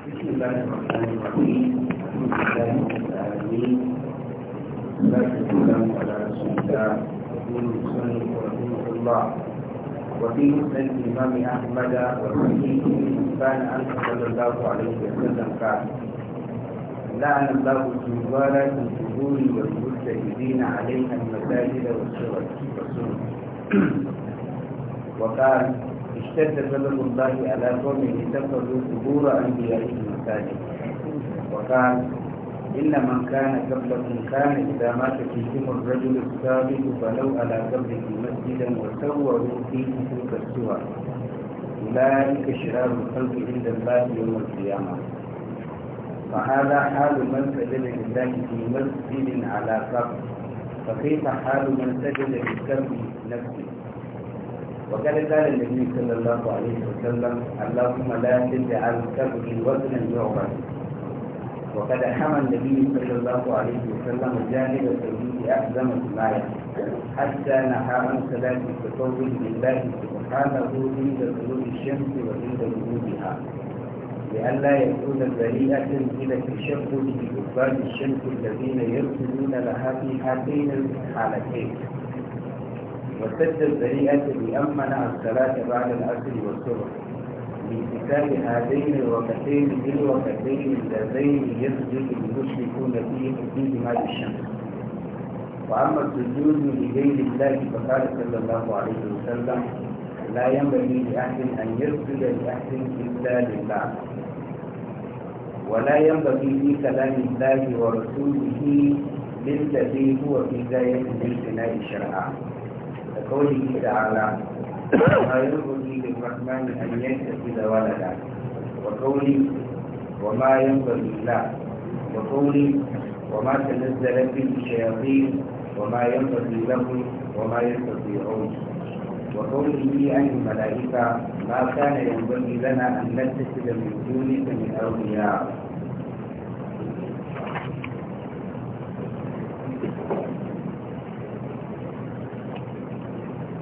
بسم الله الرحمن الرحيم والسلام على رسول الله المصنف الله وفي مسلم الامام احمد وصحيح كان عنه صلى الله عليه وسلم قال لعن الله الجبال في الجبور والمستجدين عليها المساجد والسور وقال اشتد غضب الله على قومه اتخذوا قبور انبيائه مساجد وقال ان من كان قبلكم كان اذا مات فيكم الرجل السابق فلو على قبره مسجدا وسوروا فيه تلك السور اولئك شرار الخلق عند الله يوم القيامه فهذا حال من سجد لله في مسجد على قبر فكيف حال من سجد للكرب نفسه وكان قال النبي صلى الله عليه وسلم اللهم لا تجعل كبري وزنا يعبد وقد حمى النبي صلى الله عليه وسلم جانب التوحيد احزم الحمايه حتى نهى عن صلاه لله سبحانه عند طلوع الشمس وعند غروبها لئلا يكون ذريئة إلى تشبه بكفار الشمس الذين يرسلون لها في هاتين الحالتين وسد الذريئة لأمنع الصلاة بعد العصر والصبح باتكال هذين الوقتين بالوقتين اللذين يسجد المشركون فيه دماء الشمس. وأما السجود لغير الله فقال صلى الله عليه وسلم لا ينبغي لأحد أن يسجد لأحد إلا لله ولا ينبغي في كلام الله ورسوله للذي هو في غاية الامتناع شرعا قوله تعالى ما يبغي للرحمن أن يتخذ ولدا وقوله وما ينبغي له وقوله وما تنزلت به الشياطين وما ينبغي لهم وما يستطيعون وقوله عن الملائكة ما كان ينبغي لنا أن نتخذ من دونك من أولياء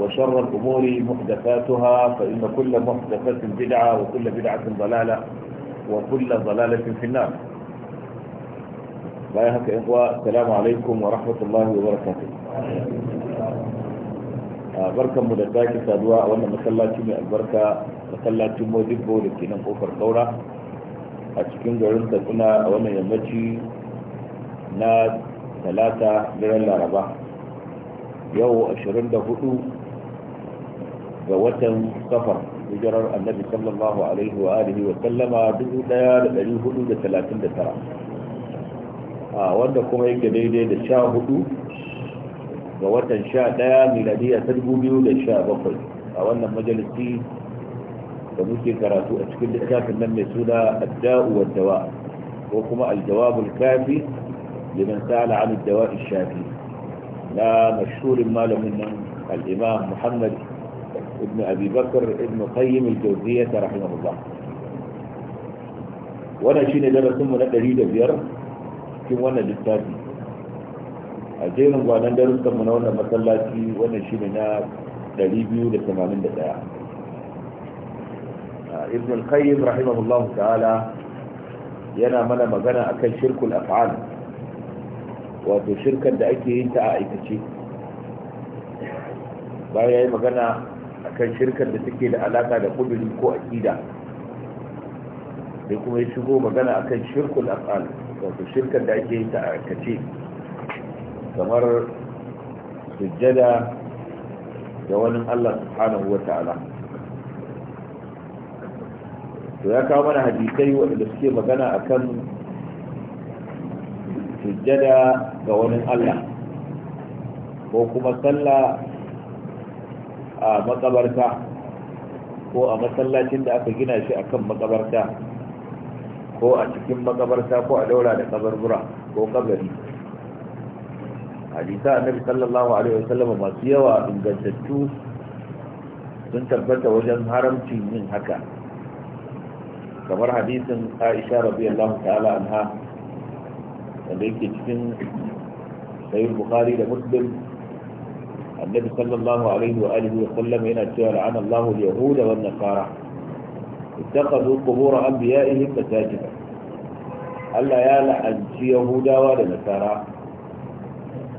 وشر الأمور محدثاتها فإن كل محدثة بدعة وكل بدعة ضلالة وكل ضلالة في النار لا يهك إخوة السلام عليكم ورحمة الله وبركاته barkan mu da sake saduwa a wannan masallaci mai albarka masallacin modibbo da ke kofar kaura a cikin garin katsina a wannan yammaci na talata daren laraba yau 24 ga watan safar hijirar annabi sallallahu alaihi wa alihi wa sallama 1439 a wanda kuma yake daidai da sha hudu ga watan sha daya miladiya ta dubu biyu da sha bakwai a wannan majalisi da muke karatu a cikin littafin nan mai suna adda'u wa dawa ko kuma aljawabul kafi liman sa'ala an dawa shafi na mashhurin malamin nan al-imam muhammad ابن أبي بكر ابن قيم الجوزية رحمه الله wannan shine darasin na ɗari da biyar cikin wannan littafi a jerin gwanan darussan mu na masallaci wannan shine na ɗari biyu da tamanin da ɗaya ibn al-qayyim rahimahullahu ta'ala yana mana magana akan shirkul af'al wato shirkar da ake yin ta a aikace bayan yayi magana akan shirkar da suke da alaka da kuduri ko aqida sai kuma ya shigo magana akan shirkul afal wato shirkar da ake yi ta aikace kamar sujjada da wani Allah subhanahu wa ta'ala to ya kawo mana hadisai waɗanda suke magana akan sujjada ga wani Allah ko kuma sallah a makabarta ko a masallacin da aka gina shi akan makabarta ko a cikin makabarta ko a daura da kabarbura ko kabari hadisa annabi sallallahu alaihi wasallam masu yawa ingantattu sun tabbata wajen haramcin yin haka kamar hadisin Aisha radiyallahu ta'ala anha wanda yake cikin sayyid Bukhari da Muslim annabi sallallahu alaihi wa alihi wa sallam yana cewa la'ana Allah al-yahud wa an-nasara ittakhadhu qubur anbiya'ihim masajida Allah ya la'anci yahudawa da nasara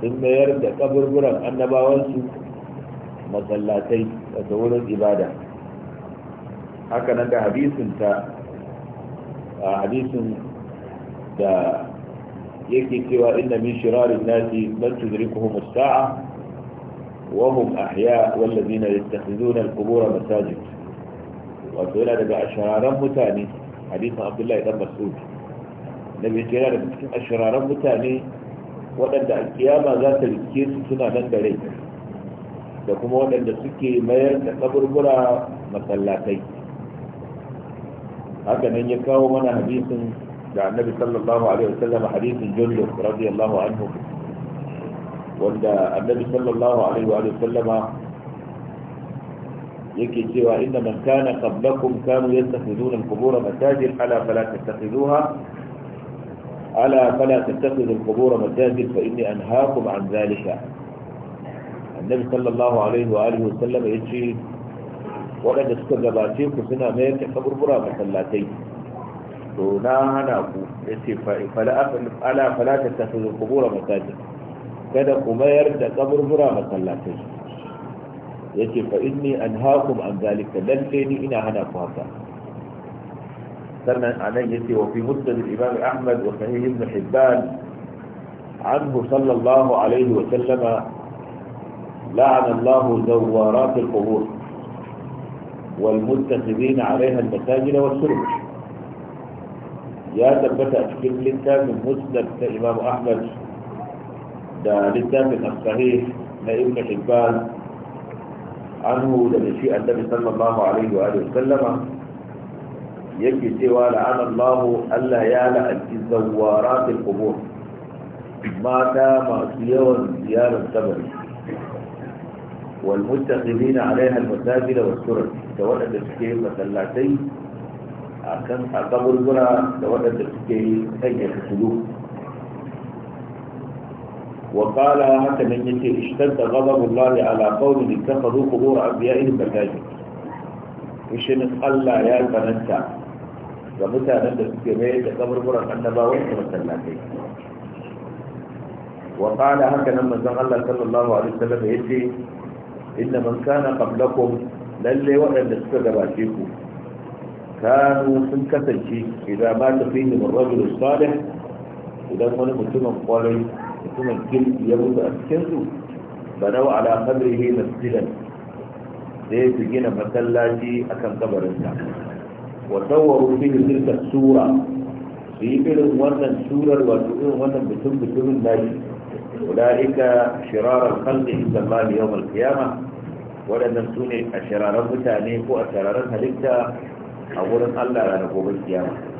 sun mayar da kaburburan annabawansu masallatai da wurin ibada haka nan da hadisin ta hadisin da yake cewa inna min shirarin nasi man tudrikuhum as-sa'a وهم أحياء والذين يتخذون القبور مساجد وأتولى لدى أشرارا متاني حديث عبد الله بن مسعود النبي جاء لدى أشرارا متاني waɗanda a za ta rike su suna nan da rai da kuma waɗanda suke mayar da kaburbura masallatai haka nan ya kawo mana hadisin da annabi sallallahu alaihi wasallam hadisin jullu radiyallahu anhu wanda annabi sallallahu alaihi wa sallama yake cewa inna man kana qablakum kanu yattakhiduna al-qubur masajid ala fala tattakhiduha ala fala tattakhidhu al-qubur masajid fa inni anhaakum an dhalika annabi sallallahu alaihi wa alihi wa sallama yace waɗanda suka gabace ku suna mayar da kaburbura masallatai to na hana ku yace fa ala fala tattakhidhu al-qubur masajid kada ku mayar da kaburbura masallatai yace fa inni anhaakum an zalika lalle ni ina hana ku haka sannan anan yace wa fi musnad al-imam ahmad wa sahih ibn hibban anhu sallallahu alaihi wa sallama la'ana Allah zawarat al-qubur wal muttakhidin 'alayha al-masajid was-suruj ya tabbata cikin littafin musnad ta imam ahmad da littafin asahi na ibn hibban anhu da shi annabi sallallahu alaihi wa alihi sallama yake cewa la'ana Allah Allah ya la'anci zawaratil qubur mata masu yawan ziyarar kabari wal muttaqilina alaiha al masajid wa surat da wadanda suke masallatai akan a kaburbura da waɗanda suke sanya fitulu وقال هكذا من يتي اشتد غضب الله على قوم اتخذوا قبور انبيائهم مساجد وشن الله يا بنتا ga mutanen da suke mai da kaburburan annabawan su masallatai wa qala haka nan manzon Allah sallallahu alaihi wasallam yace inna man kana qablakum lalle waɗanda suka gabace ku kanu sun kasance idan ba ta fi min rajul idan wani mutumin kwalai. mutumin kirki ya mutu a cikinsu banau ala qabrihi masjidan sai su gina masallaci akan kabarinsa wa sawwaru fihi tilka sura su yi irin wannan surar wato irin wannan mutum mutumin nashi ika shirarar kalli inda yawm al-qiyamah waɗannan su ne a shirarar mutane ko a shirarar halitta a wurin Allah ranar gobe kiyama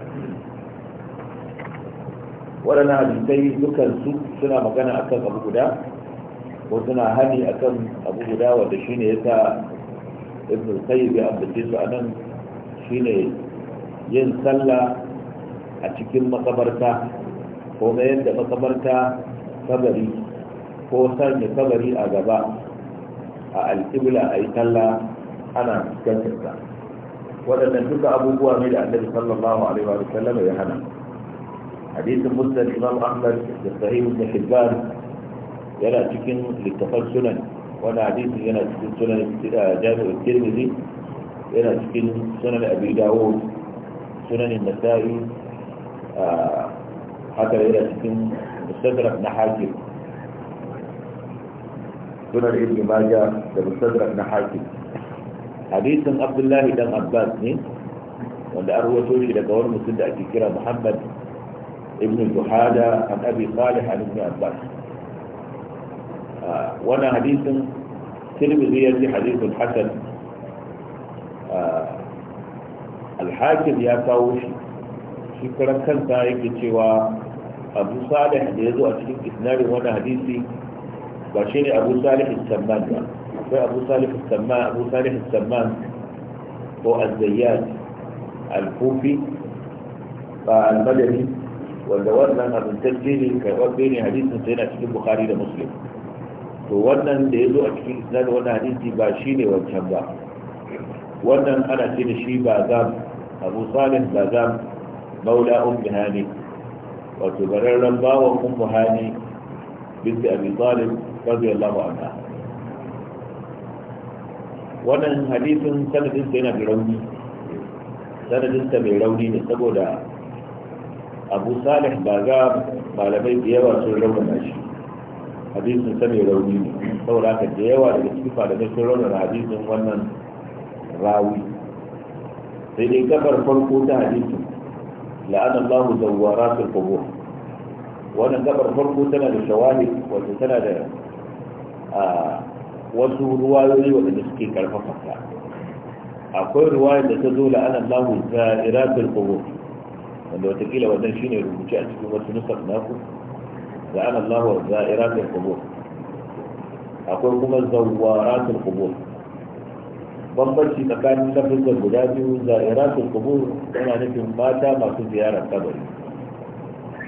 waɗannan hadisai dukansu suna magana akan abu guda ko suna hani akan abu guda wanda shine ya sa ibn sayyid ya ambace su anan shine yin sallah a cikin makabarta ko mayar da makabarta kabari ko sanya kabari a gaba a alƙibla a yi sallah ana fuskantar waɗannan duka abubuwa ne da annabi sallallahu alaihi wa sallam ya hana حديث مسلم الإمام أحمد للصحيح ابن حبان يلا تكن للتفل سنن وانا حديث يلا تكن سنن جابر الترمذي يلا تكن سنن أبي داوود سنن النسائي آه، حتى يلا تكن مستدرك نحاكم سنن ابن ماجه مستدرك نحاكم حديث عبد الله بن عباس وانا اروى توشي rawato shi daga wani محمد ابن الجحادة عن أبي صالح عن ابن عباس آه، وانا حديث تلميذي حديث حسن آه، الحاكم يا كاوش شكرا كان سايك تشوى أبو صالح ليزو أشكي إثنان وانا حديثي باشيني أبو صالح السمان يعني. أبو صالح السمان أبو صالح السمان هو الزيات الكوفي آه، المدني wanda wannan abin amintacce ne karɓaɓɓe bene hadisin sai yana cikin bukhari da muslim to wannan da ya zo a cikin isnad wannan hadisi ba shi ne wancan ba wannan ana ce da shi ba zam abu salih ba zam maula ummi hani wato bararren bawan ummu hani binti abi talib radiyallahu anha wannan hadisin sanadin sai yana da rauni sanadin sa mai rauni ne saboda abu salih ba ga malamai da yawa sun raunana shi hadisin sa rauni ne saboda ka da yawa daga cikin malamai sun raunana hadisin wannan rawi sai dai kafar farko ta hadisin la'an Allah zawwara su kogo wannan kafar farko tana da shawari wato tana da wasu ruwayoyi wanda suke karfafa ta akwai ruwayar da ta zo la'an Allah zawwara su kogo wanda watakila wannan shine rubuce a cikin wasu nufar naku da an Allah wa za'iratul qubur akwai kuma zawaratul qubur bambanci tsakanin lafizar guda biyu za'iratul qubur yana nufin mata masu ziyarar kabari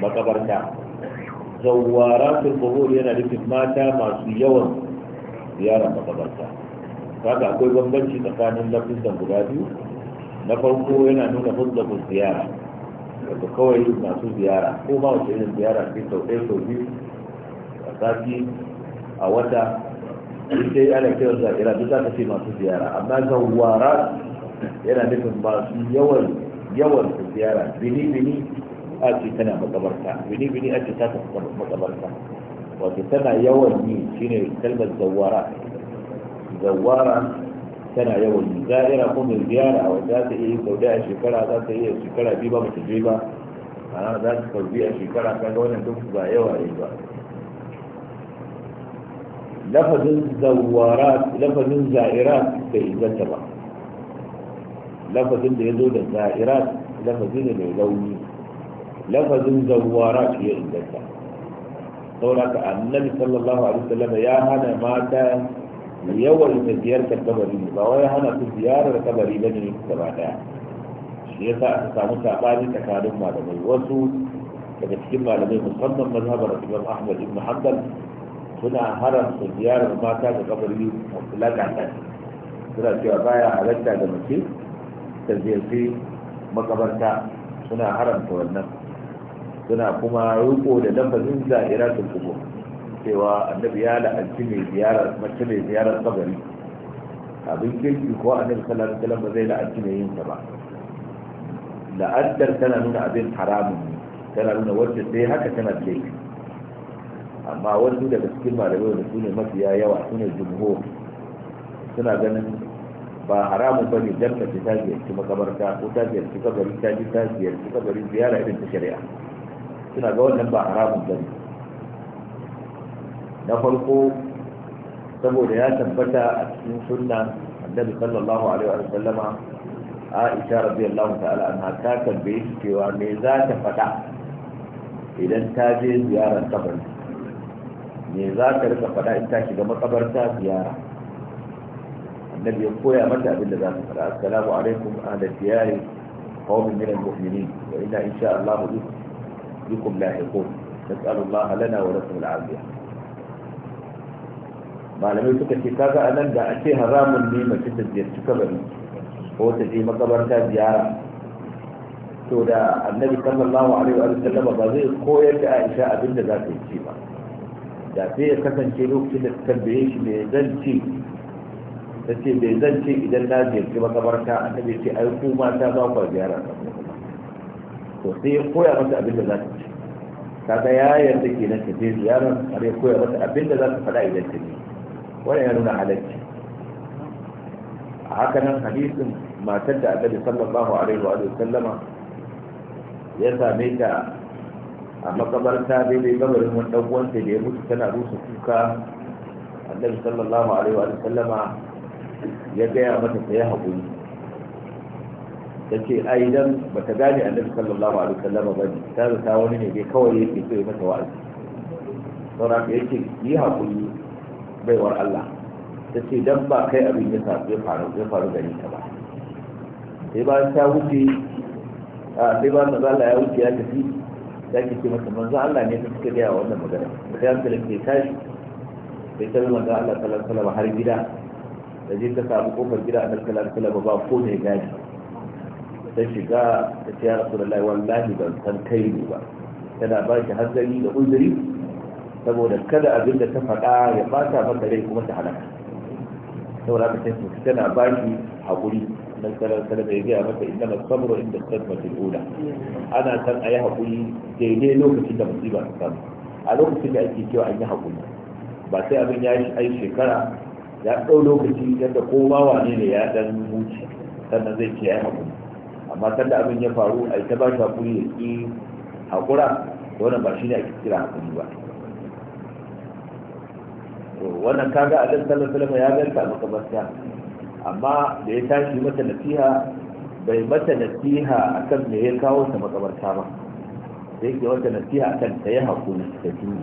makabarta zawaratul qubur yana nufin mata masu yawan ziyarar makabarta kaga akwai bambanci tsakanin lafizar guda biyu na farko yana nuna fuzzar ziyara da kawai masu ziyara ko ba wata irin ziyara sai sau ɗaya sau biyu a sati a wata ita yi ana kiran za a ira duk za ka ce masu ziyara amma wara yana nufin ba su yawan yawan su ziyara bini bini a ce tana makabarta bini bini a ce ta makabarta wato tana yawan yi shine kalmar zawara zawara tana yawan za'ira ko mai ziyara wanda za ta iya yin sau a shekara za ta iya shekara biyu ba mace je ba a za ta sau biyu a shekara ta ga wannan duk ba yawa ne ba lafazin zawarat lafazin za'irat bai inganta ba lafazin da ya zo da za'irat lafazin ne mai launi lafazin zawarat ya inganta saboda ka annabi sallallahu alaihi wasallam ya hana mata yawan da ziyartar kabari ne ba wai hana su ziyarar kabari ba ne gaba daya shi yasa aka samu sabani tsakanin malamai wasu daga cikin malamai musamman mazhabar Imam Ahmad ibn Hanbal suna haramta ziyarar mata da kabari a kulaka suna cewa baya halatta da mace ta ziyarci makabarta suna haramta wannan suna kuma riko da lafazin zahiratul kubo. cewa annabi ya la'anci mai ziyarar mace mai ziyarar kabari abin kirki ko annabi sallallahu alaihi wasallam ba zai la'anci mai yin ba la'antar tana nuna abin haramun ne tana nuna wacce sai haka tana da laifi amma wasu daga cikin malamai da su ne mafiya yawa su ne jumhur suna ganin ba haramun ta ziyarci makabarta ko ta ziyarci kabari ta ji ta ziyarci kabari ziyara irin ta shari'a suna ga wannan ba haramun na farko saboda ya tabbata a cikin sunna annabi sallallahu alaihi wa sallama aisha radiyallahu ta'ala anha ta tambaye shi cewa me za ta faɗa idan ta je ziyarar kabari me za ta rika faɗa in ta shiga makabarta ziyara annabi ya koya mata abin da za ta faɗa assalamu alaikum ahla diyari qaumin min al-mu'minin wa inna insha Allah bikum lahiqun nas'alu lana wa lakum al-'afiyah malamai suka ce kaga a nan da a ce haramun ne mace ta ziyarci kabari ko ta je makabarta ziyara to da annabi sallallahu alaihi wa sallam ba zai koyar da Aisha abin da za ta yi ce ba da sai ya kasance lokacin da ta tambaye shi me zan ce ta ce me zan ce idan na ziyarci makabarta annabi ce ai ku mata za ku ziyara to sai ya koya mata abin da za ta ce kaga ya yarda kenan ta je ziyara har ya koya mata abin da za ta faɗa idan ta je wannan ya nuna halacci a hakanan hadisin matar da annabi sallallahu alaihi wa sallama ya same ta a makabarta dai gabarin wani dan uwansa da ya mutu tana rusa kuka annabi sallallahu alaihi wa sallama ya gaya mata ta hakuri. haƙuri ta ce ai dan bata gane annabi sallallahu alaihi wa sallama ba ne ta zata wani ne dai kawai yake so ya mata wa'azi saura ka yake yi haƙuri baiwar Allah ta ce dan ba kai abin ya faru ya faru gari ka ba sai ba ta wuce a sai ba ta zala ya wuce ya tafi ya ke ce mata manzo Allah ne ta suka gaya wannan magana da ta yanka ke tashi sai ta manzo Allah sallallahu alaihi wasallam har gida da je ta samu kofar gida a sallallahu alaihi wasallam ba ko ne gadi ta shiga ta ce ya rasulullahi wallahi ban san kai ne ba tana ba shi hanzari da uzuri saboda kada abin da ta faɗa ya bata maka rai kuma ta halaka saboda haka sai tana ba shi haƙuri nan sanar sanar da ya gaya maka inda na samuro inda mace oda ana san a yi haƙuri daidai lokacin da musiba ta samu a lokacin da ake cewa an yi haƙuri ba sai abin ya yi ai shekara ya ɗau lokaci yadda ko bawa ne ne ya ɗan huce sannan zai ce ya yi haƙuri amma sanda abin ya faru a ita ba shi haƙuri ya ƙi haƙura wannan ba shi ne ake kira haƙuri ba wannan kaga a dan sallar salama ya ganta makamarta amma da ya tashi mata nasiha bai mata nasiha akan me ya kawo ta makamarta ba da yake mata nasiha akan ta yi hakuri da jini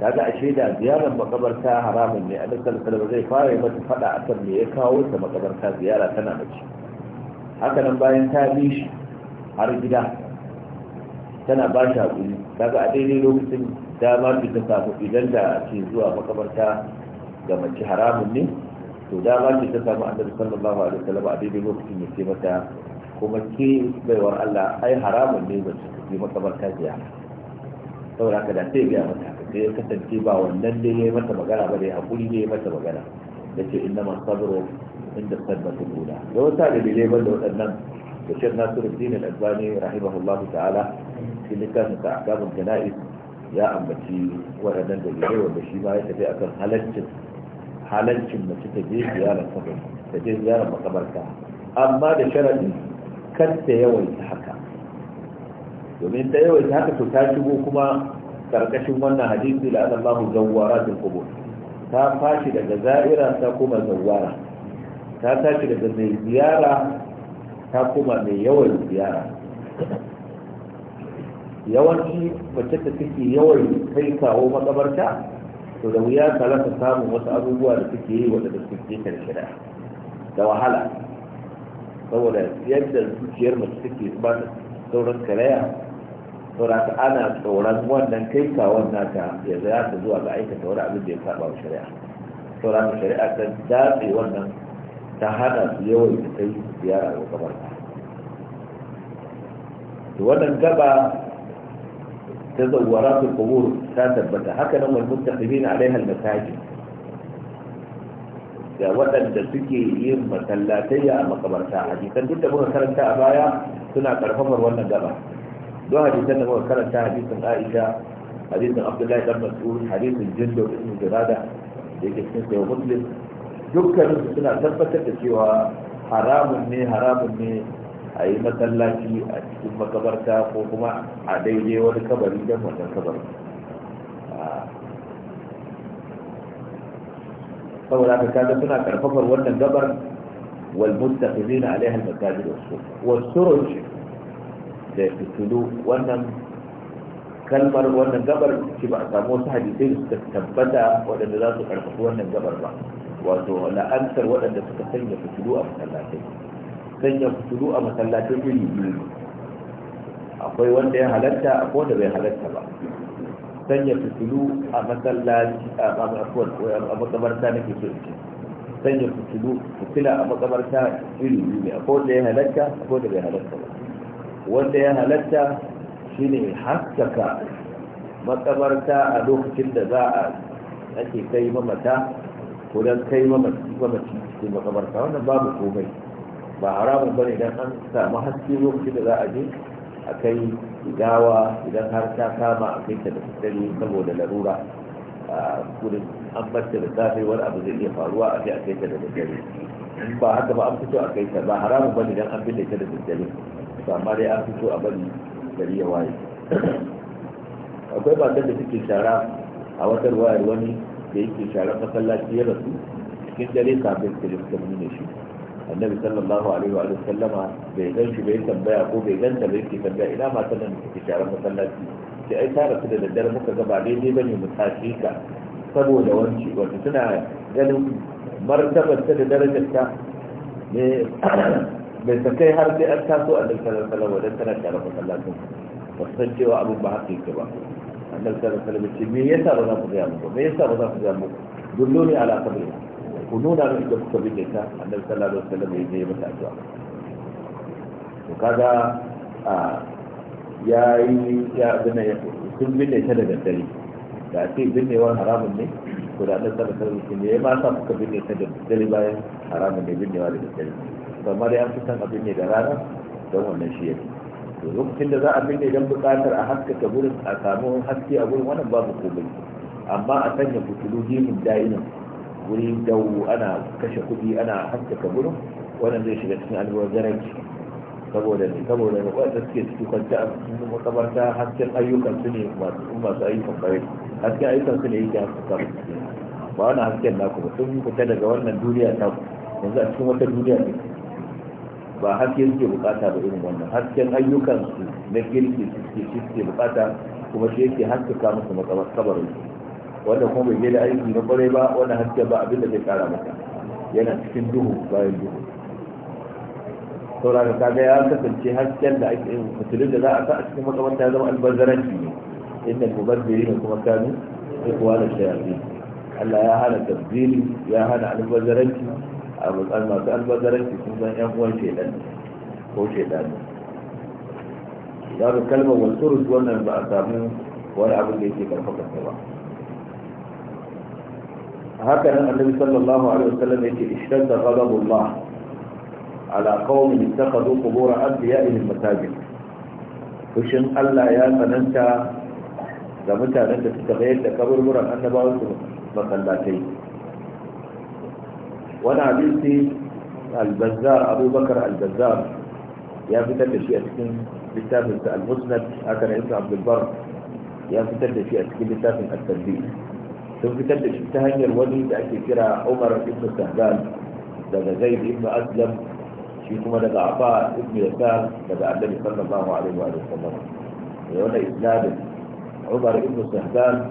kaga ashe da ziyarar makabarta haramun ne annabi sallallahu alaihi zai fara mata fada akan me ya kawo ta makabarta ziyara tana mace haka nan bayan ta bi shi har gida tana ba shi hakuri kaga a daidai lokacin dama fita samu idan da ke zuwa makabarta ga mace haramun ne to dama ce ta samu annabi sallallahu alaihi wasallam a daidai lokacin ya ce mata kuma ke baiwar Allah ai haramun ne mace ta je makabarta biya saboda haka da sai biya mata da ya kasance ba wannan da ya yi mata magana ba ya hakuri ne ya mata magana da ce inda masu sabro inda su lula da wata da dalilai ban da waɗannan da shirin nasiruddin al-albani rahimahullahu ta'ala shi ne kasu ta gabin jana'iz ya ambaci waɗannan dalilai wanda shi ma ya tafi akan halaccin halaccin mace ta je ziyarar kabar ta je ziyarar makabarta amma da sharadi kar ta yawaita haka domin ta yawaita haka to ta shigo kuma karkashin wannan hadisi la anna Allahu zawwaratul qubur ta fashi daga za'ira ta kuma zawwara ta tashi daga mai ziyara ta kuma mai yawan ziyara yawanci mace ta take yawan kai kawo makabarta to da wuya ta lafa samun wasu abubuwa da suke yi wanda suke karkira da wahala saboda yadda zuciyar mace take ba ta sauran karaya saboda ta ana tsoron wannan kai kawon naka ya zaya ta zuwa ga aikata wani abin da ya saba wa shari'a saboda ta shari'a ta datse wannan ta hana su yawan kai ziyara ga kamar to wannan gaba تزورات القبور تثبت هكذا هم المتخذين عليها المساجد da waɗanda suke yin masallatayya a makabarta hadisan duk da muka karanta a baya suna karfafar wannan gaba don hadisan da muka karanta hadisin Aisha hadisin Abdullahi dan ,hadisan hadisin Jundub ibn Jurada da yake cikin sahih Muslim dukkanin suna tabbatar da cewa haramun ne haramun ne a yi masallaci a cikin makabarta ko kuma a daidai wani kabari don wannan kabari saboda ka kaga suna karfafar wannan gabar wal mustaqimina alaiha al masajid was suruj da fitulu wannan kalmar wannan gabar ce ba a samu wasu hadisai da suka tabbata waɗanda za su karfafi wannan gabar ba wato la'antar waɗanda suka sanya fitulu a masallatai don ya fitulu a masallacin iri biyu akwai wanda ya halatta ko da bai halatta ba don ya fitulu a masallaci a makabarta na ke kirki don ya fitulu fitila a makabarta iri biyu ne akwai wanda ya halatta ko da bai halatta ba wanda ya halatta shine haskaka makabarta a lokacin da za a ake kai mamata ko don kai mamaci cikin makamarta wannan babu komai ba haramun bane idan an samu haske lokaci da za a je a kai gawa idan har ta kama a kai ta da dare saboda larura a gudun an barta da safe wani abu zai iya faruwa a kai a kai ta da daddare ba haka ba an fito a kai ta ba haramun bane idan an binne ta da daddare to amma dai an fito a bari gari ya waye akwai matan da suke shara a wata wayar wani da yake shara masallaci ya rasu cikin dare kafin ta ne shi annabi sallallahu alaihi wa sallama bai gan shi bai tambaya ko bai ganta bai ke tambaya ina matan nan ke sharar masallaci sai ai tara su da daddare muka ga ba daidai bane mu tashi ka saboda wanci wanda suna ganin martabar ta da darajar ta ne bai sakai har sai an taso a dukkan sallallahu alaihi tana sharar masallacin ba san cewa abin ba haka yake ba annabi sallallahu alaihi wa sallam ce me yasa ba za ku ga mu ba me yasa ba za ku ga mu dullo ne ala kabrina ku nuna min inda kuka bige ta annabi sallallahu alaihi wasallam ya yi mata addu'a to kaga ya yi ya abinda ya sun binne ta da daddare da ce binnewar haramun ne ko da annabi sallallahu alaihi wasallam ya ma sa kuka binne ta da daddare bayan haramun ne binnewa da daddare kamar dai an fi san abin ne da rana don wannan shi yake to lokacin da za a binne don buƙatar a haskaka gurin a samu haske a gurin wannan babu komai amma a sanya fitilu jimin da'inan guri dawo ana kashe kuɗi ana haskaka gurin wannan zai shiga cikin alwazaranci saboda ne saboda wanda suke ciki kwanci a cikin makabarta hasken ayyukan su ne masu masu ayyukan bare hasken ayyukan su ne yake haskaka ba wani hasken naku ba sun fita daga wannan duniya ta yanzu a cikin wata duniya ne ba haske suke bukata ba irin wannan hasken ayyukan su na girki suke suke bukata kuma shi yake haskaka musu makabarta wanda kuma bai je da aiki na kwarai ba wanda haske ba abinda da zai kara maka yana cikin duhu bayan duhu saboda kaga ya kasance hasken da ake musulun da za a sa a cikin makamanta ya zama albazaranci ne inda mubazziri ne kuma kanu ikuwa da shayafi Allah ya hana tabbiri ya hana albazaranci a matsayin masu albazaranci sun zan yan uwan shaidan ko shaidan ne za ka kalmar wasu wannan ba a samu wani abin da yake karfafa ba هكذا النبي صلى الله عليه وسلم يقول اشتد غضب الله على قوم اتخذوا قبور انبيائهم مساجد. وشن الله يا انت زمتا انت تتغير تكبر مرا أن مثلا مصلاتي وانا عبيتي البزار أبو بكر البزار يا فتن الشيء أسكن بتافن المسند أكن عبد البر يا فتن الشيء أسكن بتافن التنبيه sun fitar da shi ta hanyar wani da ake kira umar ibn sahdan daga zaid ibn aslam shi kuma daga afa ibn yasar daga annabi sallallahu alaihi wa sallam ya wanda islam umar ibn sahdan an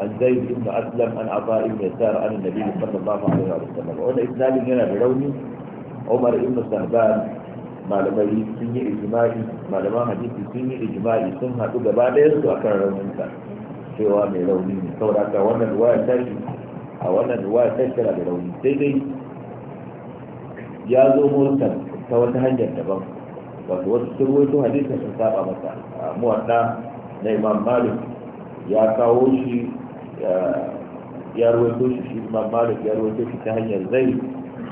عن زيد بن أسلم عن عطاء بن يسار عن النبي صلى الله عليه وسلم islam yana da rauni umar ibn sahdan malamai sun yi ijimai malaman hadisi sun yi ijimai sun haɗu gaba ɗaya su akan raunin sa cewa mai rauni ne saboda haka wannan ruwaya ta shi a wannan ruwaya ta shi da rauni sai dai ya zo murtar ta wata hanyar daban wato wasu sun ruwaito hadisin sun saba masa muwadda na imam malik ya kawo shi ya ruwaito shi shi imam malik ya ruwaito shi ta hanyar zai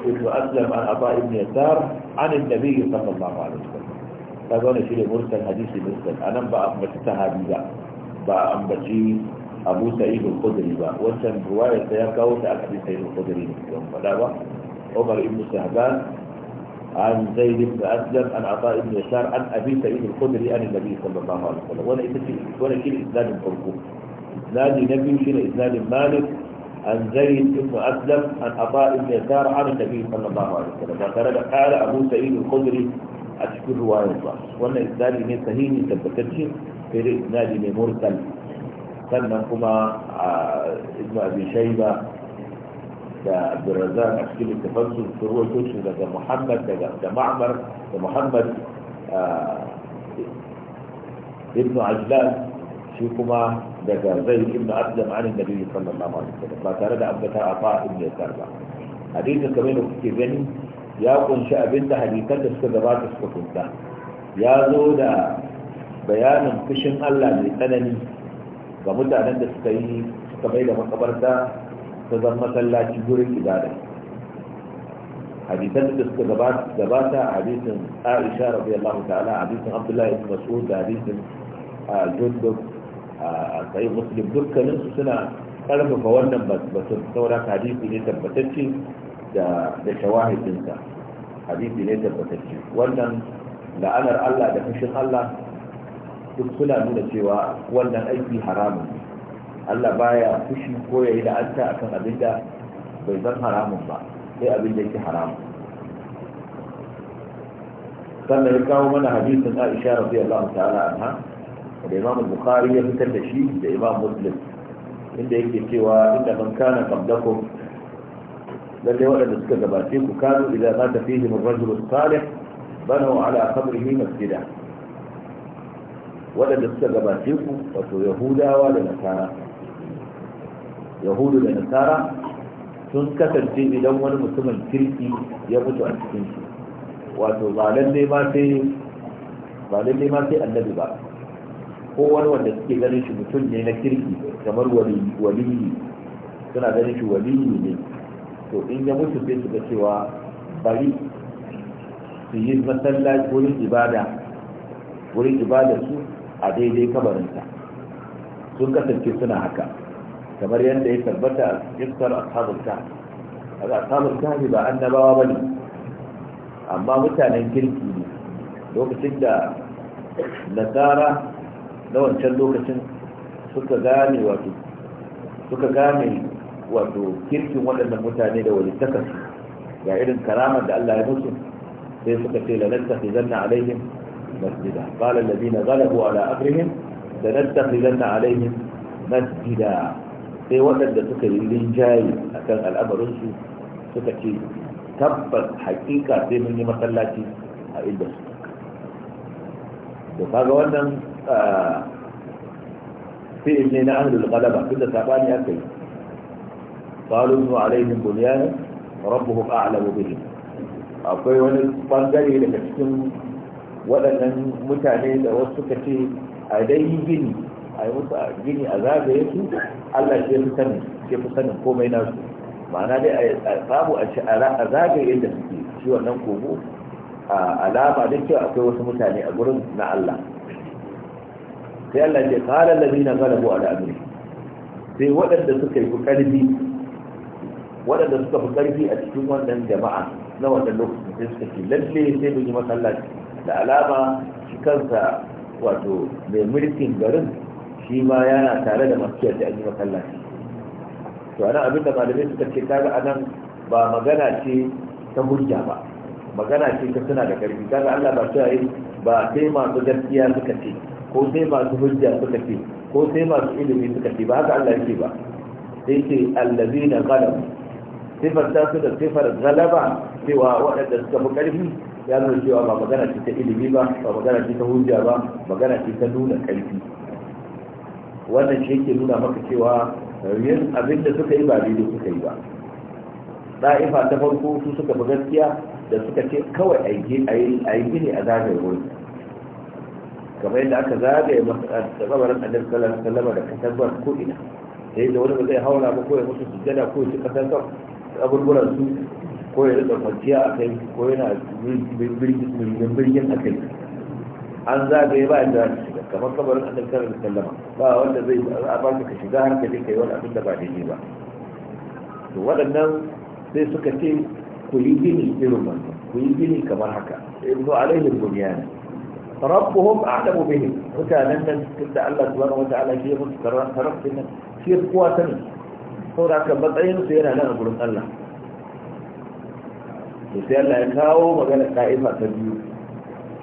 ibn aslam an aba ibn yasar an annabi sallallahu alaihi wasallam kaga wannan shi ne murtar hadisi muslim anan ba a mace sahabi ba ba ambaci abu sa'id al ba wancan ruwaya ta ya kawo ta aka bi sa'id al ne don fada ba Umar ibn Sahban an Zaid ibn Aslam an Ata ibn Yashar an Abi Sa'id al an Nabi sallallahu alaihi wasallam wannan ita ce wannan shi isnadin farko isnadi na biyu shi ne isnadin Malik عن زيد بن أسلم عن عطاء بن يسار عن النبي صلى ba tare da وكان abu أبو سعيد a cikin رواية ba وأن إسلامي ne سهيل تبتدشي sai da isnadi mai mursal sannan kuma a ibn abi da abdurrazzaq a cikin littafansu sun rawaito shi daga muhammad da ma'mar da muhammad ibn ajlan shi kuma daga zai ibn aslam da biyu sallallahu alaihi wasallam ba tare da ambata a fa ibn yasar ba hadisin kamar da kuke gani ya kunshi abinda hadisan da suka gabata suka kunta ya zo da bayanin fushin Allah mai tsanani ga mutanen da suka yi suka mai da makabarta ta zan masallaci gurin ibada hadisan da suka gabata a hadisin Aisha radiyallahu ta'ala a hadisin Abdullahi ibn Mas'ud da hadisin Jundub a sai Muslim dukkanin su suna karfafa wannan batun saura hadisi ne tabbatacce da da shawahidinsa hadisi ne tabbatacce wannan la'anar Allah da fushin Allah duk suna nuna cewa wannan aiki haramun Allah baya fushi ko ya yi la'anta akan abin da bai zan haramun ba sai abin da yake haramun sannan ya kawo mana hadisin Aisha radiyallahu ta'ala anha da Imam bukari ya fitar da shi da Imam Muslim inda yake cewa inda ban kana qablakum lalle waɗanda suka gabace ku kanu idan za ta fi himin rajulu salih wa ala qabrihi gida. waɗanda suka gabace ku wato yahudawa da nasara yahudu da nasara sun kasance idan wani mutumin kirki ya mutu a cikin su wato ba lallai ma sai ba lalle ma sai annabi ba ko wani wanda suke ganin shi mutum ne na kirki kamar waliyi suna ganin shi waliyi ne to in ya mutu sai su ga cewa bari su yi masallaci wurin ibada wurin ibada su a daidai kabarinsa sun kasance suna haka kamar yadda ya tabbata a iskar ashabul kahfi kaga ashabul kahfi ba annabawa bane amma mutanen kirki ne lokacin da nasara na wancan lokacin suka gane wato suka gane wato kirkin waɗannan mutane da wani walittakarsu ga irin karamar da Allah ya musu sai suka ce lalatta fi zanna alaihim مسجدا قال الذين غلبوا على أمرهم لنتخذن عليهم مسجدا في وقت تكر الإنجاي أكل الأمر رسو ستكي تبت حقيقة في من المطلات إلا ستك وقال وانا آه، في إبنين أهل الغلبة كل تقاني أكل قالوا انه عليهم بنيان ربهم أعلم بهم أقول وانا فانجاي لكتن waɗannan mutane da wasu suka ce a dai yi gini a yi musu gini a zagaye su Allah ke fi sanin ke fi sanin komai nasu ma'ana dai a samu a ci a zagaye da suke shi wannan kogo a alama da cewa akwai wasu mutane a gurin na Allah sai Allah ce qala allazina ghalabu ala amri sai waɗanda suka yi ƙarfi waɗanda suka fi karfi a cikin wannan jama'a na wannan lokacin sai suka ce lalle sai mun yi masallaci da alama shi kansa wato mai mulkin garin shi ma yana tare da maskiyar da an yi masallaci to anan abin da malamai suka ce kaga anan ba magana ce ta hujja ba magana ce ta suna da karfi kaga Allah ba cewa ba sai masu gaskiya suka ce ko sai masu hujja suka ce ko sai masu ilimi suka ce ba haka Allah yake ba sai ce allazina zalamu ta su da sifar galaba cewa waɗanda suka fi ƙarfi ya zo cewa ba magana ce ta ilimi ba ba magana ce ta hujja ba magana ce ta nuna ƙarfi wannan shi yake nuna maka cewa yin abin da suka yi ba daidai suka yi ba ɗa'ifa ta farko su suka fi gaskiya da suka ce kawai a yi gini a zagaye wuri kamar yadda aka zagaye tsamarin annabi sallallahu alaihi wasallam da katabbar ko ina da yadda wani ba zai haura ba ko ya mutu sujjada ko ya ci kasar kan kaburburan su ko ya rika kwanciya a kai ko yana birgin birgin a kai an zagaye ba da shiga kamar kabarin annabi sallallahu alaihi wasallam ba wanda zai a ba ka shiga har ka je kai wani abin da ba daidai ba to waɗannan sai suka ce ku yi gini irin wannan ku yi gini kamar haka in ibnu alaihim bunyana rabbuhum a'lamu bihim mutanen nan tunda Allah subhanahu wa ta'ala ya musu tarafin nan shi kuwa sanin saboda haka matsayinsu yana nan a gurin Allah to sai Allah ya kawo magana ka'ifa ta biyu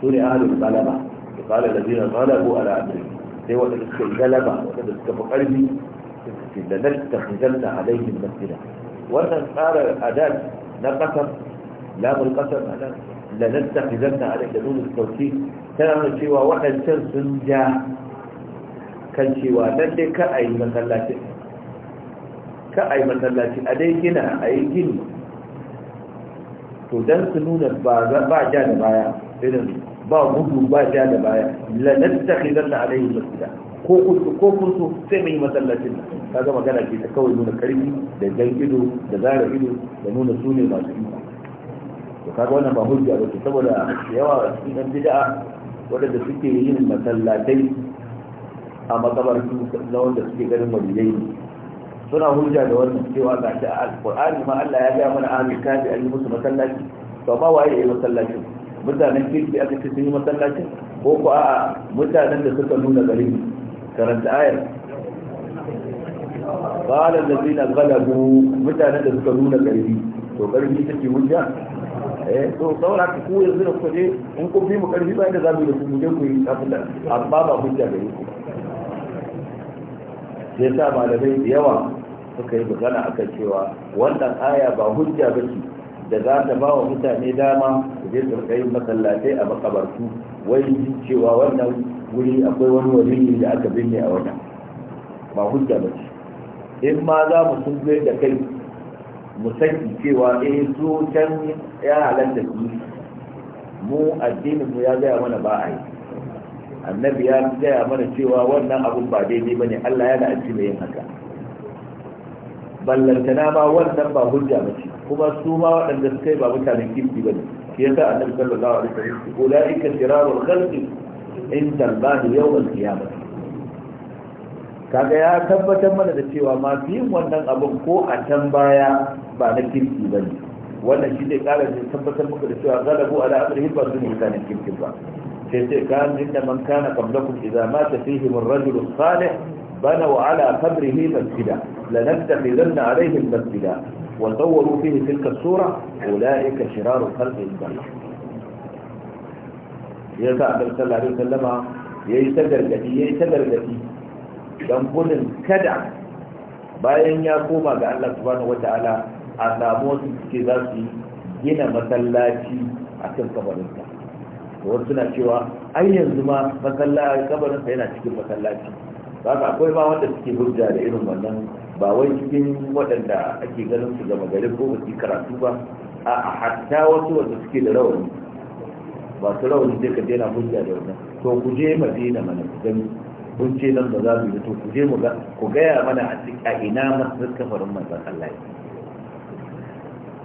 su ne ahalul galaba da kala da zina galabu ala abin sai wata suka yi galaba wata suka fi ƙarfi suka ce da nan ta fizanta alaihin masjida wannan tsarar adad na ƙasar lamun ƙasar adad da nan ta fizanta alaihin da nuna sauki tana nuna cewa waɗancan sun ja kan cewa nan dai ka a yi masallacin ka a yi masallaci a dai gina a yi gini to don su nuna ba ja da baya irin ba gudu ba ja da baya lanatta hidan na alayhi masjida ko kuntu sai mai masallacin ka ta zama gana ce ta kawai nuna karfi da jan ido da zara ido da nuna su ne masu iko to kaga wannan ba hujja ba ce saboda yawa cikin yan bid'a waɗanda suke yin masallatai a su na wanda suke ganin waliyai ne suna hujja da wannan cewa ga shi a alkur'ani ma Allah ya gaya mana amin kafi an yi musu masallaci to ba waye ya masallacin mutanen kirki aka ce sun yi masallacin ko ko a'a mutanen da suka nuna gari karanta ayar qala allazina ghalabu mutanen da suka nuna gari to garin take hujja eh to saura ku ku yanzu ku je in ku bi mu karfi ba da zamu da ku je ku yi kafin amma ba hujja gare sai sa malamai da yawa suka yi magana aka cewa wannan aya ba hujja ba ce da za ta ba wa mutane dama su je su kai masallatai a makabartu wai cewa wannan wuri akwai wani waliyi da aka binne a wajen ba hujja ba ce in ma za mu sun da kai mu saki cewa eh su can ya halatta su mu addinin mu ya gaya mana ba a yi annabi ya gaya mana cewa wannan abun ba daidai ba ne allah ya la'anci mai yin haka ballantana ma wannan ba hujja ba ce kuma su ma waɗanda suka yi ba mutanen kirki ba ne shi sa annabi sallallahu alaihi wasallam ce ulaika shirarul khalqi inda allah yawmal qiyamah kaga ya tabbatar mana da cewa masu yin wannan abun ko a can baya ba na kirki ba ne wannan shi zai kara da tabbatar muku da cewa galabu ala amrihim ba su ne mutanen kirki ba sai sai kan inda man kana qablakum idza mata fihi ar-rajulu salih بنوا على قبره مسجدا لنتخذن عليهم مسجدا وصوروا فيه تلك الصورة أولئك شرار الخلق البلد يا سعد صلى الله عليه وسلم يتدر ta gargadi جتي دنقل kada bayan ya koma ga Allah subhanahu wata'ala a samu wasu suke za su gina masallaci a kan kabarinsa wasu suna cewa ai yanzu ma masallaci kabarin sa yana cikin masallaci ba akwai ba wanda suke hujja da irin wannan ba wai cikin waɗanda ake ganin su gama garin ko ba su karatu ba a hatta wasu wanda suke da rawani ba su rawani sai ka daina hujja da wannan to ku je madina mana ku gani kun ce nan ba za mu yi to ku je mu ga ku gaya mana a cikin ina masu kafarin manzon Allah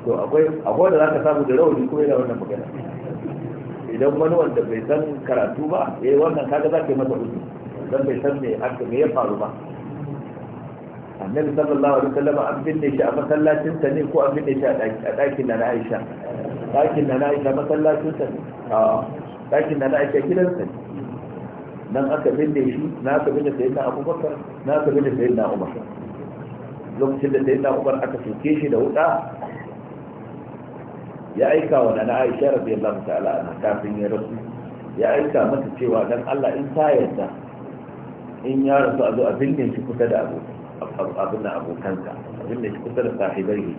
to akwai akwai da za ka samu da rawani ko yana wannan magana idan wani wanda bai san karatu ba eh wannan kaga za ka yi masa uzu dan bai san me aka me ya faru ba annabi sallallahu alaihi wasallam an binne shi a masallacin sa ne ko an binne shi a dakin na Aisha dakin na Aisha masallacin sa ne a dakin na Aisha gidansa ne nan aka binne shi na aka binne Abu Abubakar na aka binne na Umar lokacin da na Umar aka soke shi da wuta ya aika wa na aisha radiyallahu ta'ala na kafin ya rasu ya aika mata cewa dan Allah in ta yarda in ya rasu a zo a binne shi kusa da abin da abokansa a binne shi kusa da sahibai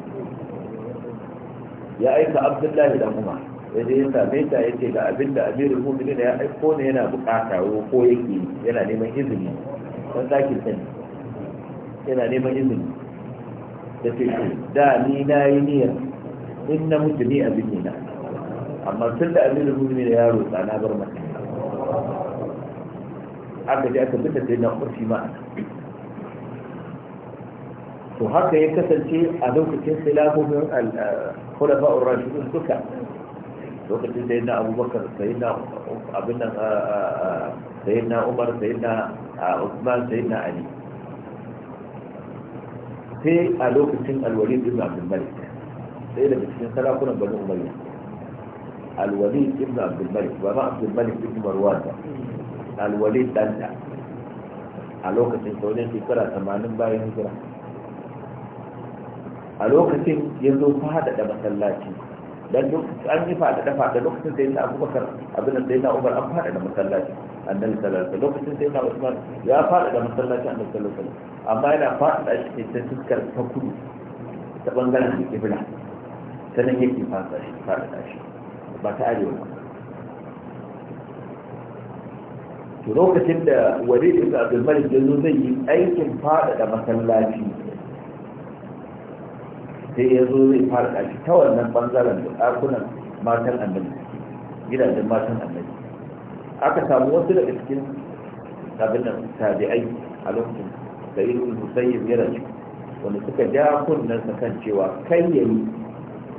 ya aika abdullahi da umar ya je ya same ta ya ce ga abin da amirul mu'minin ya aiko ne yana bukata ko yake yana neman izini dan zaki sani yana neman izini da ce da ni na yi niyyar in na mutu ne abin ne na amma tun da abin da mutu da yaro tsana bar mata aka ji aka fita sai na ƙurfi ma to haka ya kasance a lokacin silafofin al-khulafa ar-rashidun duka lokacin da yana abubakar sai na abin nan sai na umar sai na usman sai na ali sai a lokacin alwalid ibn abdul malik ɗaya daga cikin sarakunan bani umayya alwali ibn abdul ba ma abdulmalik ibn marwan ba alwali danta a lokacin sa shekara 80 bayan hijira a lokacin ya zo da masallaci dan duk an yi faɗaɗa faɗa lokacin sai na abubakar abin da sai na umar an da masallaci annabi sallallahu alaihi lokacin sai na usman ya da masallaci annabi sallallahu alaihi amma yana da shi ta fuskar ta kudu ta bangaren kibla ta nan yake fasa shi ba ta arewa ba to lokacin da wani ɗin abdulmalik ya zo zai yi aikin faɗaɗa masallaci sai ya zo zai fara shi ta wannan ɓangaren da ɗakunan matan annabi gidajen matan annabi aka samu wasu daga cikin sabbin tabi'ai a lokacin da irin musayyib yana ciki wanda suka ja kunnen kan cewa kai yayi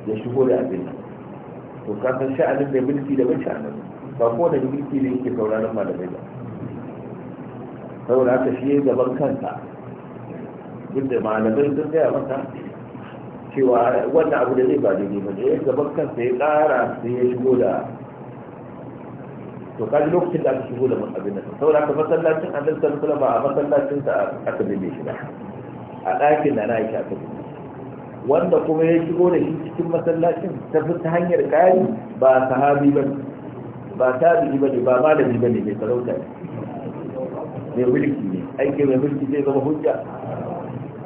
ya shigo da abin nan to kasan sha'anin mai mulki da ban sha'anin ba ko da mulki ne yake sauraron malamai ba saboda haka shi ya gaban kansa duk da malamai sun gaya masa cewa wannan abu da zai ba daidai ba ne ya gaban kansa ya kara sai ya shigo da to kaji lokacin da aka shigo da abin nan saboda haka masallacin annabi sallallahu alaihi wasallam ba a masallacin sa aka dabe shi ba a ɗakin da na yi shi aka dabe wanda kuma ya shigo da shi cikin masallacin ta fi ta hanyar ƙari ba sahabi ba ba tabi'i ba ne ba malami ba ne mai sarauta ne mai mulki ne aikin mai mulki zai zama hujja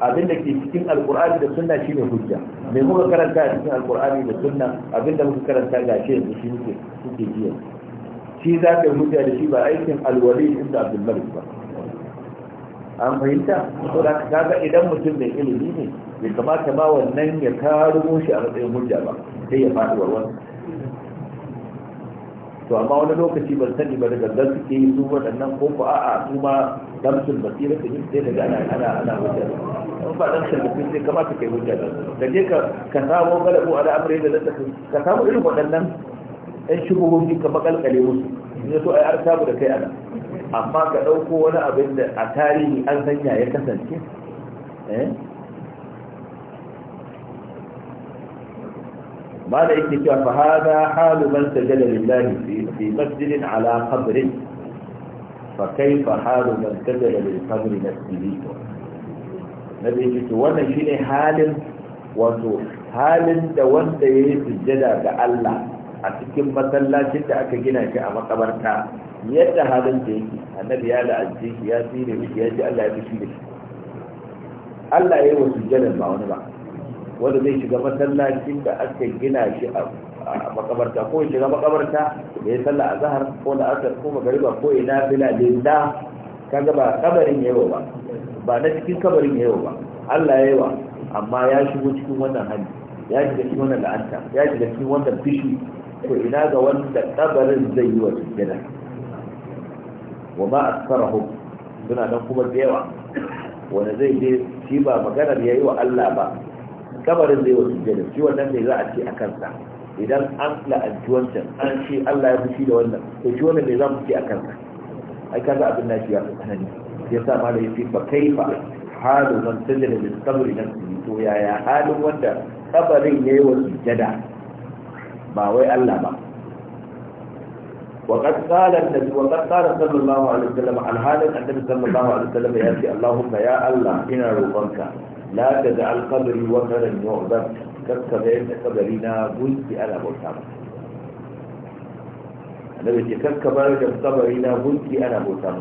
abinda ke cikin alkur'ani da sunna shine hujja mai muka karanta a cikin alkur'ani da sunna abinda muka karanta ga shi yanzu shi muke suke jiya shi za ka hujja da shi ba aikin alwali inda abdul malik ba an fahimta to da kaga idan mutum mai ilimi ne bai kamata ma wannan ya karo shi a matsayin hujja ba sai ya faɗi wa to amma wani lokaci ban sani ba daga zan suke yi su waɗannan ko ku a'a su ma ba, basira su sai daga ana ana ana hujja ba ba damsul basira sai kamata kai hujja ba da je ka ka samu galabu ala amri da zaka ka samu irin waɗannan ɗan shubuhohi ka makalkale musu ne so ai yi samu da kai ana amma ka ɗauko wani abin da a tarihi an sanya ya kasance eh ما لا إتكاء فهذا حال من سجد لله في مسجد على قبر فكيف حال من سجد للقبر نفسه نبي إتكاء وانا شيني حال wato halin da wanda ya yi sujjada ga Allah a cikin masallacin da aka gina shi a makabarta yadda halin da yake annabi ya la'anci shi ya tsire shi ya Allah ya fi Allah ya yi wa sujjada ba wani ba wanda zai shiga masallacin da aka gina shi a makabarta ko ya shiga makabarta da ya sallah a zahar ko da asar ko magariba ko ina nafila lillah kaga ba kabarin yawa ba ba na cikin kabarin yawa ba Allah yawa amma ya shigo cikin wannan hali ya shiga cikin wannan la'anta ya shiga cikin wannan fishi ko ina ga wanda kabarin zai yi wa sujjada wa ma asfarahu suna nan kuma da yawa wanda zai je shi ba maganar yayi wa Allah ba kabarin zai wasu jada shi wannan ne za a ce a kansa idan an la'anci wancan an ce Allah ya fushi da wannan to shi wannan ne za mu ce a kansa ai kaza abin nashi ya fi tsanani ya sa ma da ya fi ba kai fa halu man sallama min qabri su to yaya halin wanda kabarin yi wa sujada ba wai Allah ba وقد قال النبي وقد قال صلى الله عليه وسلم عن هذا النبي صلى الله عليه وسلم يا اللهم يا الله إنا روحك لا تدع القدر وثنا يعبد كالقدر قدرنا بنت على أنا النبي يقول كيف كبار قدرنا بنت على بوتام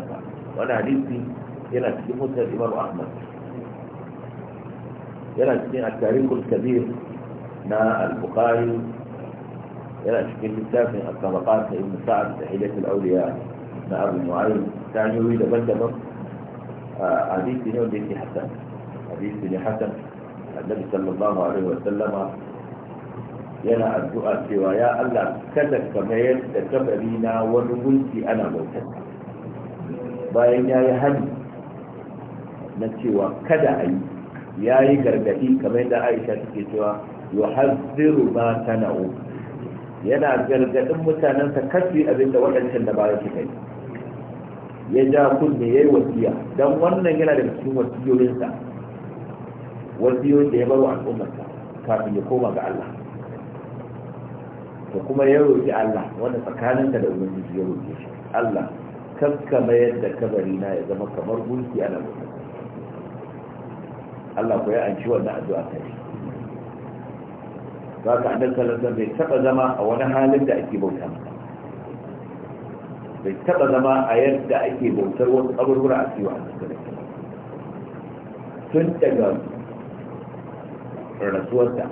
وانا حديثي في تجمعت الإمام أحمد يلا في التاريخ الكبير نا البخاري يلا تجمع الكتاب من الطبقات ابن سعد تحية الأولياء نا أبو معين تعني ويدا بندبر حديثي نوديتي حسن hadisi ne hasan annabi sallallahu alaihi sallama yana addu'a cewa ya Allah kada ka mayar da kabari na wani ana bautar bayan ya yi hani na cewa kada a yi ya yi gargaɗi kamar yadda aisha take cewa yuhazziru ma tana'u yana gargadin mutanensa kafi abinda waɗancan da baya shi kai. ya ja kunne ya yi wasiya don wannan yana da cikin wasiyoyinsa wasiyoyin da ya bar wa al'ummarsa kafin ya koma ga Allah to kuma ya roƙi Allah wanda tsakaninka da ubangiji ya roƙe shi Allah kanka mayar da kabari na ya zama kamar gunki ana mutum Allah ku ya ci wannan addu'a ta shi za ka annan salantar bai taɓa zama a wani halin da ake bauta masa bai taɓa zama a yadda ake bautar wasu abubuwa a ciwo a tun daga rasuwarsa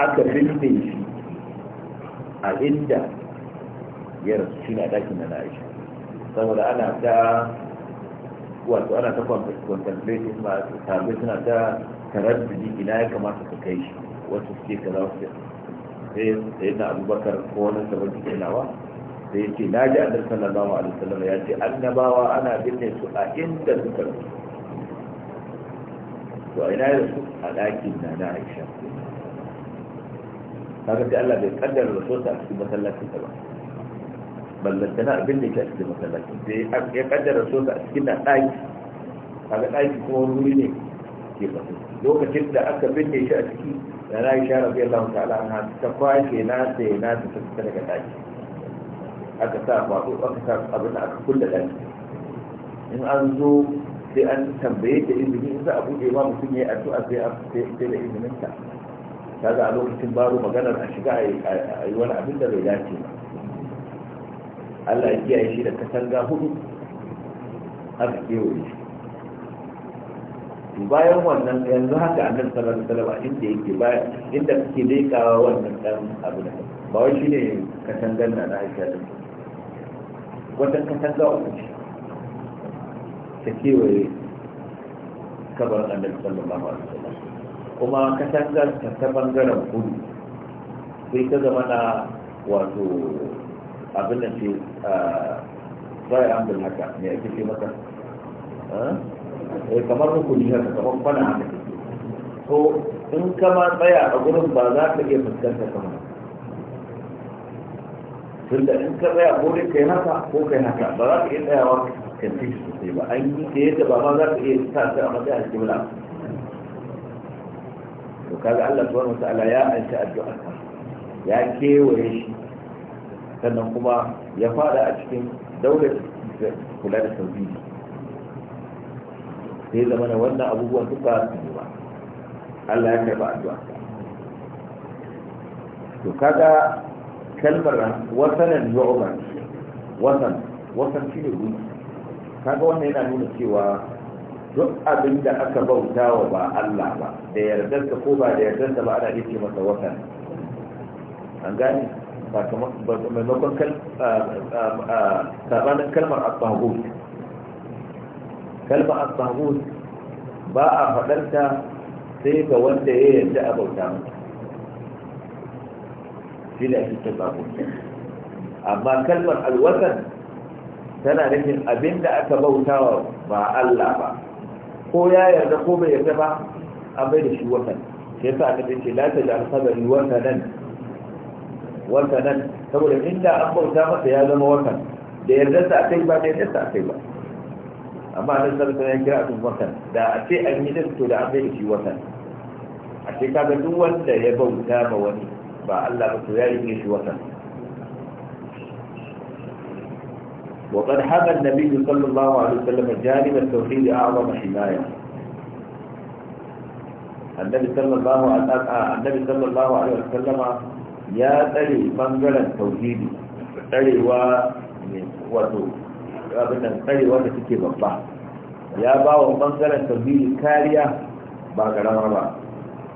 aka binne shi a inda ya rasu shi na ɗakin na aisha saboda ana ta wato ana ta contemplating ma sabai suna ta taraddudi ina ya kamata ka kai shi wasu suke kaza wasu sai sai na abubakar ko wani sabon suke nawa sai ce na ji annabi sallallahu alaihi wasallam ya ce annabawa ana binne su a inda suka rasu to ina ya su a ɗakin na na aisha kaga sai Allah bai kaddara rasu ta a cikin masallacin ta ba ballanta na abin da yake a cikin masallacin sai ya da rasu ta a cikin na ɗaki kaga ɗaki kuma wani wuri ne ke fasu lokacin da aka binne shi a ciki da na aisha rabbi Allah ta'ala anha ta kwashe na sai na ta fita daga ɗaki aka sa faɗo aka sa abin da aka kulle ɗaki in an zo sai an tambaye da izinin in za a buɗe ma mutum ya yi addu'a sai an sai da izinin ta kaga a lokacin baro maganar a shiga a yi wani abin da bai dace ba Allah ya kiyaye shi da katanga hudu aka kewaye shi bayan wannan yanzu haka annan sallallahu alaihi wasallam inda yake bayan inda kake leƙawa wannan ɗan abu da ba wai ne katangan na Aisha din wata katanga uku ce ta kewaye kabarin annabi sallallahu alaihi wasallam kuma ka ta ta bangaren kudu sai ta zama na wato abin da ce sai an bin haka me ake ce maka eh kamar rukuni haka kamar bana haka to in kama tsaya a gurin ba za ka iya fuskanta kamar tunda in ka tsaya ko dai kai haka ko kai haka ba za ka iya tsayawa fuskance shi sosai ba an yi da yadda ba ma za ka iya sa ta a matsayin alƙibla to kaga Allah subhanahu wataala ya anshi addu'a ya kewaye shi sannan kuma ya fada a cikin daular kula da tauhidi sai zama na wannan abubuwan suka su ba Allah ya karba addu'a to kaga kalmar wasanan yu'man wasan wasan shi ne kaga wannan yana nuna cewa duk abin da aka bauta wa ba Allah ba da yardarsa ko ba da yardarsa ba ana yake masa watan an gane ba maimakon sabanin kalmar asbahut kalmar asbahut ba a faɗarta sai ga wanda ya yarda a bauta masa shi ne ake amma kalmar alwatan tana nufin abin da aka bautawa ba Allah ba ko ya yarda ko bai yarda ba an bai da shi watan shi sa annabi ce la ta ja'al sabri watanan watanan saboda inda an bauta masa ya zama watan da yarda sa kai ba da yarda sa kai ba amma nan sai ta kira a watan da a ce an yi to da an bai da shi watan a ce kaga duk wanda ya bauta ma wani ba Allah ba to ya yi shi watan وقد حمى النبي صلى الله عليه وسلم جانب التوحيد اعظم حمايه النبي صلى الله عليه آه، النبي صلى الله عليه وسلم يا تري منزل التوحيد تري و وتو ابدا تري و تكي بابا يا با منزل التوحيد كاريا بعد غرام با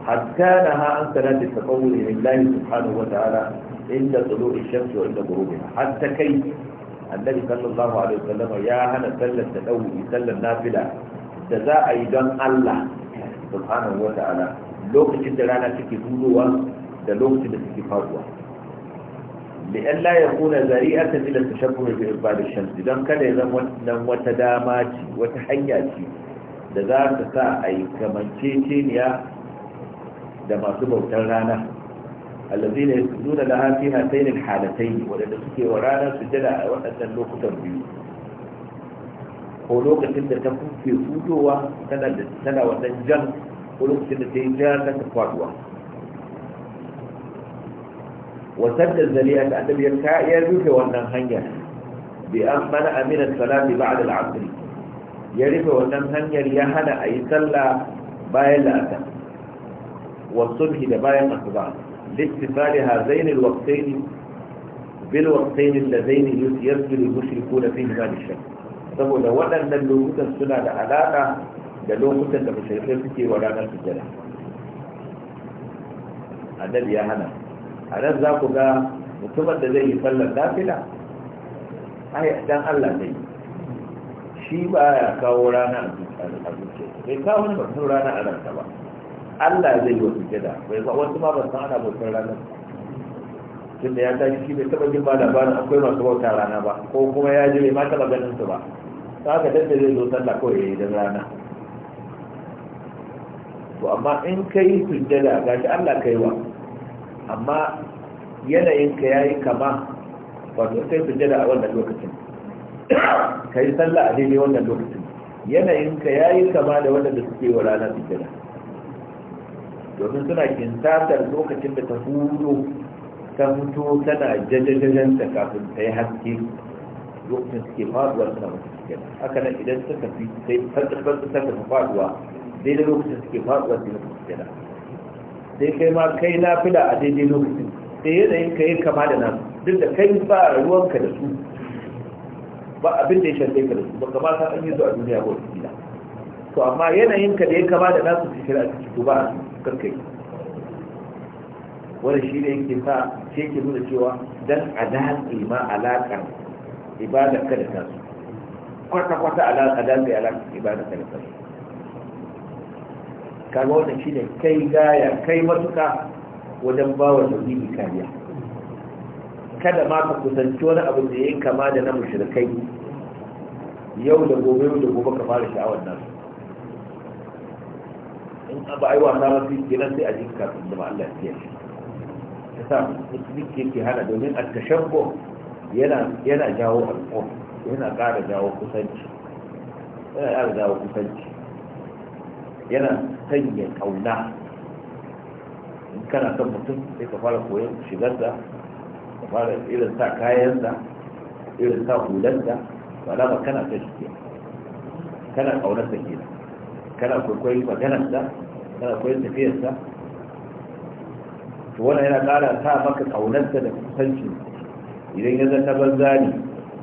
حتى نها ان تنادي التقول لله سبحانه وتعالى عند طلوع الشمس وعند غروبها حتى كي annabi sallallahu alaihi wasallam ya hana sallar da dauri sallar nafila da za a yi don Allah subhanahu wa ta'ala lokacin da rana take dudowa da lokacin da take faduwa li'an la yakuna zari'atan ila tashabbuh bi ibad ash-shams dan kada ya zama nan wata dama ce wata hanya ce da za ta sa a yi kamanceceniya da masu bautar rana allazina yasjuduna laha fi hatayn alhalatayn wa la tukhi wa rana sujada a wadannan lokutan biyu ko lokacin da ta kuke hutowa tana da tana jan ko da ta yi jan ta ta faduwa wa sadda zaliya da adab ya ya rufe wannan hanya bi an mana aminan salati ba'da al'asr ya rufe wannan hanyar ya hana a yi sallah bayan la'asar wa sulhi da bayan asuba لاتصال هذين الوقتين بالوقتين اللذين يسجل المشركون فيهما للشرك saboda waɗannan lokutan suna da alaƙa da lokutan da mushrikai suke wa ranar sujjada annabi ya hana a nan za ku ga mutumin da zai yi sallar nafila ai dan Allah ne shi ba ya kawo rana a zuciya bai kawo wani mutum rana a ransa ba Allah zai yi wa sujada bai ba wasu ma ban san ana bautar ranar tunda ya tashi shi bai taba jin ba bani akwai masu bauta rana ba ko kuma ya je bai ma taba ganin su ba ta haka dadda zai zo sallah kawai ya yi da rana to amma in ka yi sujjada gashi Allah ka yi wa amma yanayin ka yi kama wato kai sujjada a wannan lokacin Ka yi sallah a daidai wannan lokacin yanayin ka yi kama da wanda suke wa rana sujjada domin suna kintatar lokacin da ta hudo ta fito tana ta kafin ta yi haske lokacin suke faduwa suna mutu cikin haka nan idan ta tafi sai fatsifatsi ta tafi faduwa daidai lokacin suke faduwa yi mutu cikin da sai kai ma kai na da a daidai lokacin sai yanayin ka yi kama da nan duk da kai ba a ruwanka da su ba abin da ya shafe ka da su ba kama sa an yi zuwa duniya ba wasu gida to amma yanayin ka da ya kama da nasu su shirya a cikin ba a su yi, wani shi ne yake sa ce ke nuna cewa dan alaƙi ma alaƙar ibada ka da tasu kwata-kwata a da zai alaƙa ibada ka da tasu kaga wannan shi ne kai gaya kai matuka wajen ba wa tauhidi kariya kada ma ka kusanci wani abu da yayin kama da na mushrikai yau da gobe yau da gobe ka fara sha'awar nasu in ba a yi wasa ba sai sai a ji kafin da Allah ya yi ta sa musulunci yake hana domin a tashabbo yana jawo alƙom yana ƙara jawo kusanci yana ƙara jawo kusanci yana sanya ƙauna in kana son mutum sai ka fara koyon shigarsa ka fara irin sa kayansa irin sa hulansa ba da ba kana son shi kana ƙaunarsa kenan kana kwaikwayi sa. kana koyon tafiyarsa to wannan yana ƙara sa maka ƙaunarsa da kusanci idan ya zanna banza ne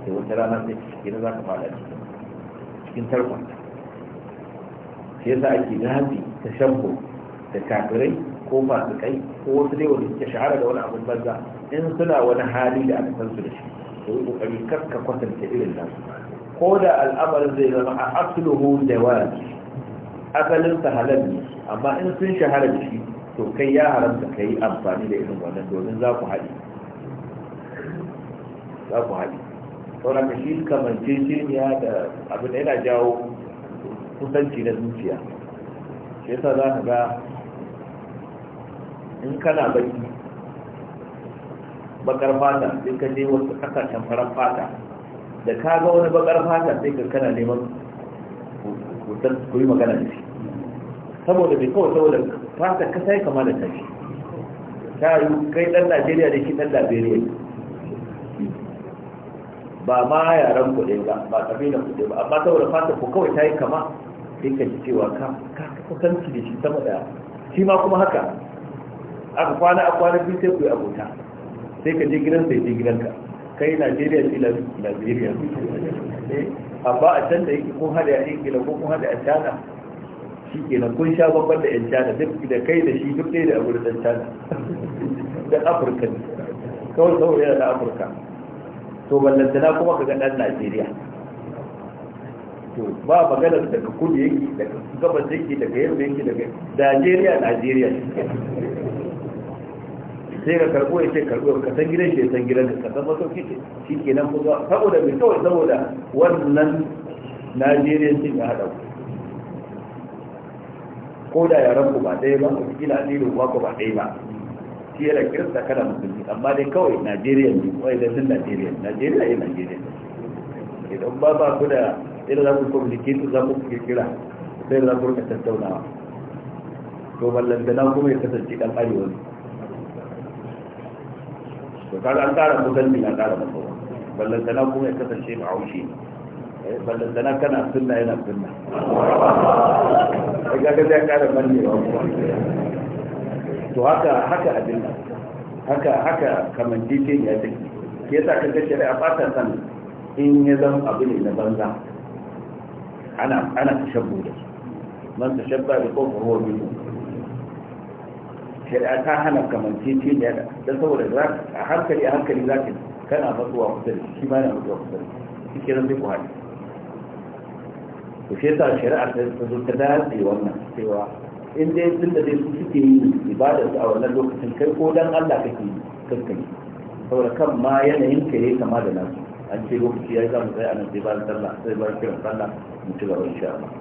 sai wata rana sai cikin za ka fada cikin cikin tarkon shi yasa ake zafi ta shambo da kafirai ko masu kai ko wasu dai wanda suke shahara da wani abin banza in suna wani hali da aka san su da shi to yi kokari kar ka kwatanta irin nasu ko da al'amarin zai zama a asluhu da wani asalin sa halal ne amma in sun shahara da shi to kai ya haramta ka yi amfani da irin wannan domin za ku haɗi za ku haɗi sauran da shi kamance shirya da abin da yana jawo kusanci na zuciya shi yasa za ka ga in kana baki bakar fata sai ka je wasu kasashen farar fata da ka ga wani bakar fata sai ka kana neman ku yi magana da shi saboda bai kawai saboda fata kasa ya kama da tashi ta yi kai ɗan najeriya da shi ɗan najeriya ba ma yaren kuɗe ba ba ƙabilan kuɗe ba amma saboda fata ku kawai ta yi kama sai ka ji cewa ka kusanci da shi sama da shi ma kuma haka aka kwana a kwana biyu sai ku yi abota sai ka je gidan sai je gidanka kai najeriya shi najeriya eh, amma a can da yake kun hada a ingila ko kun hada a china shi kenan kun sha babban da yan cana duk da kai da shi duk dai da abu da ɗan cana da afirka ne kawai saboda yana da afirka to ballantana kuma ka ga ɗan najeriya to ba maganar daga kudu yake daga gabas yake daga yamma yake daga najeriya najeriya sai ka karɓo ya ce karɓo ka san gidan shi ya san gidan ka san masauki ce shi kenan kuma saboda mai kawai saboda wannan najeriya sun ya haɗa ku ko da yaran ku ba ɗaya ba ku da addinin ba ku ba ɗaya ba shi yana kirista kana musulmi amma dai kawai najeriya ne kawai da sun najeriya najeriya ya najeriya idan ba ba ku da idan za ku communicate za ku kirkira sai za ku rika tattaunawa to na kuma ya kasance ɗan arewa ne to kada an ƙara musulmi na ƙara da na kuma ya kasance ba aushi. ne Eh, ballantana kana sunna yana sunna a gaga ya kara manne ba to haka haka abin nan haka haka kamantike ya take ke yasa kan ga shari'a ba ta san in ya zama abu ne na banza ana ana tashabbu da man tashabba bi qawmin huwa minhu shari'a ta hana kamantike ne da saboda a hankali a hankali za kana matsuwa kusa da shi ma na matsuwa kusa da shi kenan sai ku haɗu ku shi yasa shari'a ta zo ta dace wannan cewa in dai tun da dai su suke yi ibada su a wannan lokacin kai ko dan Allah kake yi saboda kan ma yanayin ka yayi kama da nasu an ce lokaci ya zama sai anan sai ba sallah sai ba kiran Allah mu ci gaba insha Allah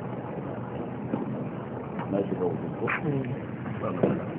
na shiga wuce